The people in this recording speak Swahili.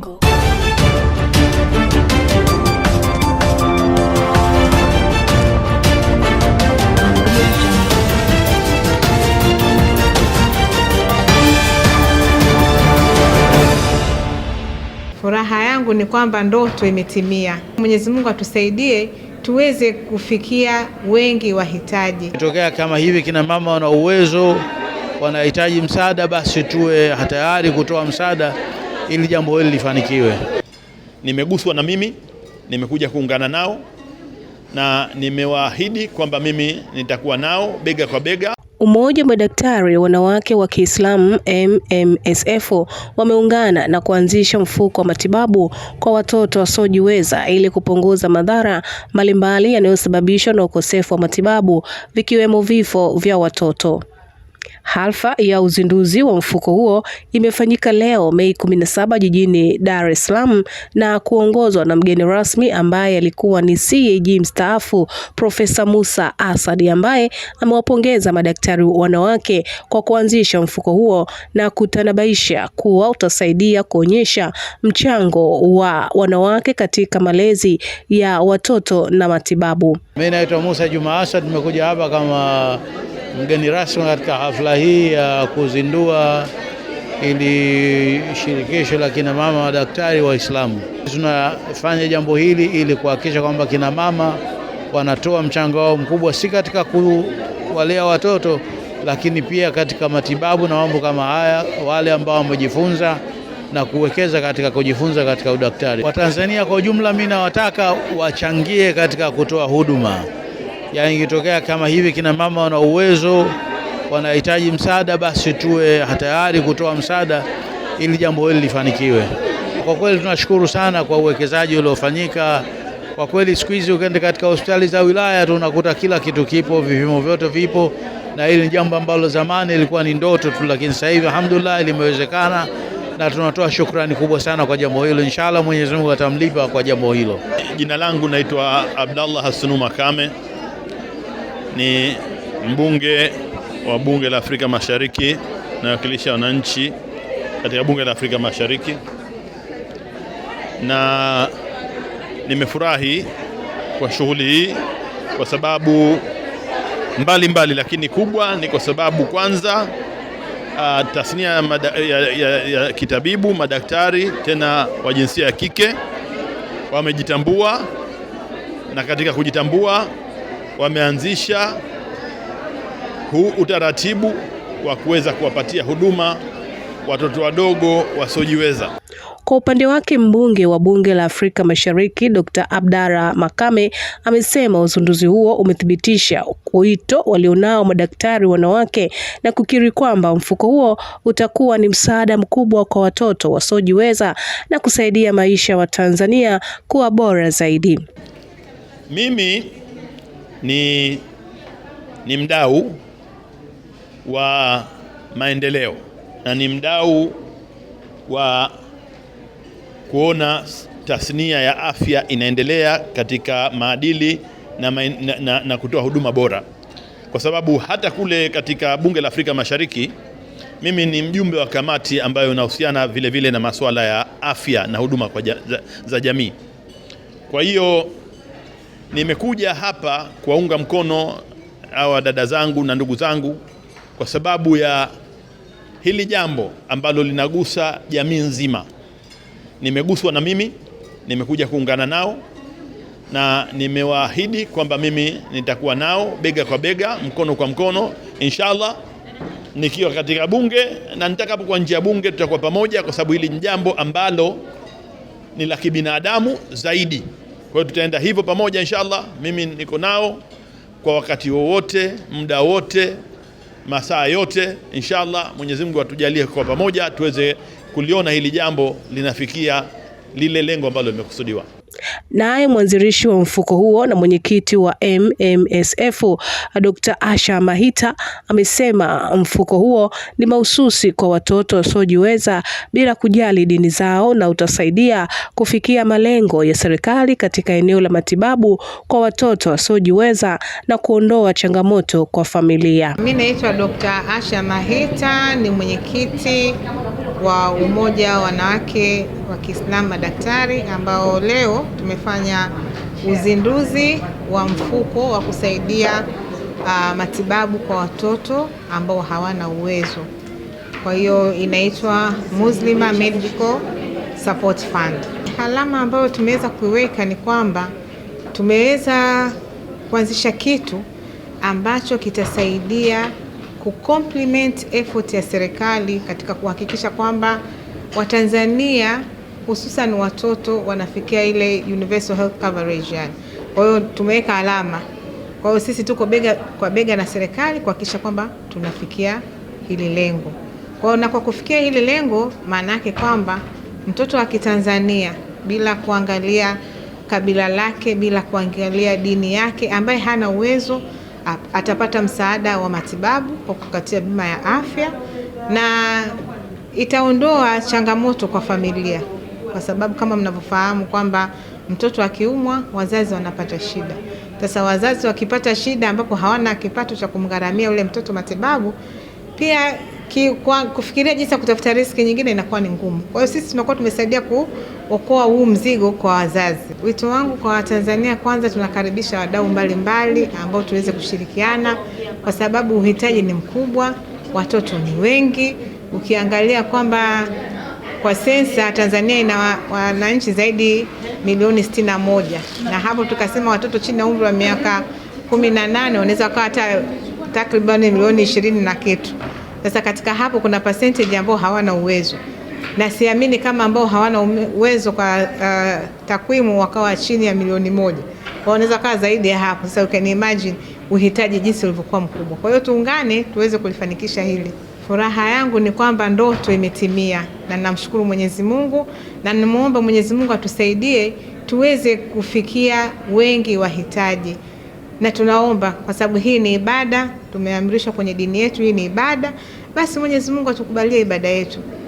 Jungle. Furaha yangu ni kwamba ndoto imetimia. Mwenyezi Mungu atusaidie tuweze kufikia wengi wahitaji. Kitokea kama hivi, kina mama wana uwezo, wanahitaji msaada, basi tuwe tayari kutoa msaada ili jambo hili lifanikiwe. Nimeguswa na mimi, nimekuja kuungana nao na nimewaahidi kwamba mimi nitakuwa nao bega kwa bega. Umoja wa madaktari wanawake wa Kiislamu MMSF wameungana na kuanzisha mfuko wa matibabu kwa watoto wasiojiweza ili kupunguza madhara mbalimbali yanayosababishwa na ukosefu wa matibabu vikiwemo vifo vya watoto. Halfa ya uzinduzi wa mfuko huo imefanyika leo Mei 17 jijini Dar es Salaam na kuongozwa na mgeni rasmi ambaye alikuwa ni CAG mstaafu Profesa Musa Asad ambaye amewapongeza madaktari wanawake kwa kuanzisha mfuko huo na kutanabaisha kuwa utasaidia kuonyesha mchango wa wanawake katika malezi ya watoto na matibabu. Mimi naitwa Musa Juma Asad, nimekuja hapa kama Mgeni rasmi katika hafla hii ya kuzindua ili shirikisho la kina mama madaktari Waislamu. Tunafanya jambo hili ili kuhakikisha kwamba kina mama wanatoa mchango wao mkubwa, si katika kuwalea watoto, lakini pia katika matibabu na mambo kama haya, wale ambao wamejifunza na kuwekeza katika kujifunza katika udaktari. Watanzania kwa ujumla, mimi nawataka wachangie katika kutoa huduma yani ikitokea kama hivi kina mama wana uwezo wanahitaji msaada, basi tuwe tayari kutoa msaada ili jambo hili lifanikiwe. Kwa kweli tunashukuru sana kwa uwekezaji uliofanyika. Kwa kweli siku hizi ukienda katika hospitali za wilaya tunakuta kila kitu kipo, vipimo vyote vipo, na hili ni jambo ambalo zamani ilikuwa ni ndoto tu, lakini sasa hivi alhamdulillah limewezekana, na tunatoa shukrani kubwa sana kwa jambo hilo. Inshallah Mwenyezi Mungu atamlipa kwa jambo hilo. Jina langu naitwa Abdallah Hasunu Makame ni mbunge wa bunge la Afrika Mashariki nawakilisha wananchi katika bunge la Afrika Mashariki, na nimefurahi kwa shughuli hii kwa sababu mbalimbali mbali, lakini kubwa ni kwa sababu kwanza Uh, tasnia ya, ya, ya, ya kitabibu madaktari tena wa jinsia ya kike wamejitambua, na katika kujitambua wameanzisha huu utaratibu wa kuweza kuwapatia huduma watoto wadogo wasiojiweza. Kwa upande wake mbunge wa bunge la Afrika Mashariki Dr. Abdara Makame amesema uzinduzi huo umethibitisha wito walionao madaktari wanawake na kukiri kwamba mfuko huo utakuwa ni msaada mkubwa kwa watoto wasiojiweza na kusaidia maisha wa Tanzania kuwa bora zaidi. Mimi ni, ni mdau wa maendeleo na ni mdau wa kuona tasnia ya afya inaendelea katika maadili na, na, na, na kutoa huduma bora, kwa sababu hata kule katika Bunge la Afrika Mashariki mimi ni mjumbe wa kamati ambayo inahusiana vile vile na masuala ya afya na huduma kwa ja, za, za jamii. Kwa hiyo Nimekuja hapa kuwaunga mkono hawa dada zangu na ndugu zangu kwa sababu ya hili jambo ambalo linagusa jamii nzima. Nimeguswa na mimi, nimekuja kuungana nao na nimewaahidi kwamba mimi nitakuwa nao bega kwa bega, mkono kwa mkono, inshallah nikiwa katika bunge na nitakapokuwa nje ya bunge, tutakuwa pamoja, kwa sababu hili ni jambo ambalo ni la kibinadamu zaidi. Kwa hiyo tutaenda hivyo pamoja inshallah. Mimi niko nao kwa wakati wowote, muda wote, masaa yote inshallah. Mwenyezi Mungu atujalie kwa pamoja tuweze kuliona hili jambo linafikia lile lengo ambalo limekusudiwa. Naye mwanzilishi wa mfuko huo na mwenyekiti wa MMSF Dr. Asha Mahita amesema mfuko huo ni mahususi kwa watoto wasiojiweza bila kujali dini zao na utasaidia kufikia malengo ya serikali katika eneo la matibabu kwa watoto wasiojiweza na kuondoa changamoto kwa familia. Mimi naitwa Dr. Asha Mahita, ni mwenyekiti wa Umoja wa Wanawake wa Kiislamu madaktari ambao leo tumefanya uzinduzi wa mfuko wa kusaidia uh, matibabu kwa watoto ambao hawana uwezo. Kwa hiyo inaitwa Muslima Medical Support Fund. Alama ambayo tumeweza kuiweka ni kwamba tumeweza kuanzisha kitu ambacho kitasaidia complement effort ya serikali katika kuhakikisha kwamba Watanzania hususan watoto wanafikia ile universal health coverage yani. Kwa hiyo tumeweka alama. Kwa hiyo sisi tuko bega kwa bega na serikali kuhakikisha kwamba tunafikia hili lengo. Kwa hiyo na kwa kufikia hili lengo, maana yake kwamba mtoto wa Kitanzania bila kuangalia kabila lake, bila kuangalia dini yake, ambaye hana uwezo atapata msaada wa matibabu kwa kukatia bima ya afya na itaondoa changamoto kwa familia kwa sababu kama mnavyofahamu kwamba mtoto akiumwa wazazi wanapata shida. Sasa wazazi wakipata shida, ambapo hawana kipato cha kumgharamia ule mtoto matibabu, pia ki, kwa, kufikiria jinsi ya kutafuta riski nyingine inakuwa ni ngumu. Kwa hiyo sisi tunakuwa tumesaidia kuokoa huu mzigo kwa wazazi. Wito wangu kwa Watanzania, kwanza tunakaribisha wadau mbalimbali ambao tuweze kushirikiana, kwa sababu uhitaji ni mkubwa, watoto ni wengi, ukiangalia kwamba kwa sensa Tanzania ina wananchi zaidi milioni stina na moja na hapo tukasema watoto chini ya umri wa miaka kumi na nane wanaweza kuwa hata takribani milioni ishirini na kitu. Sasa katika hapo kuna percentage ambao hawana uwezo, na siamini kama ambao hawana uwezo kwa uh, takwimu wakawa chini ya milioni moja, wanaweza kuwa zaidi ya hapo. Sasa you can imagine uhitaji jinsi ulivyokuwa mkubwa. Kwa hiyo tuungane tuweze kulifanikisha hili. Furaha yangu ni kwamba ndoto imetimia, na namshukuru Mwenyezi Mungu na nimuombe Mwenyezi Mungu atusaidie tuweze kufikia wengi wahitaji, na tunaomba kwa sababu hii ni ibada, tumeamrishwa kwenye dini yetu, hii ni ibada. Basi Mwenyezi Mungu atukubalie ibada yetu.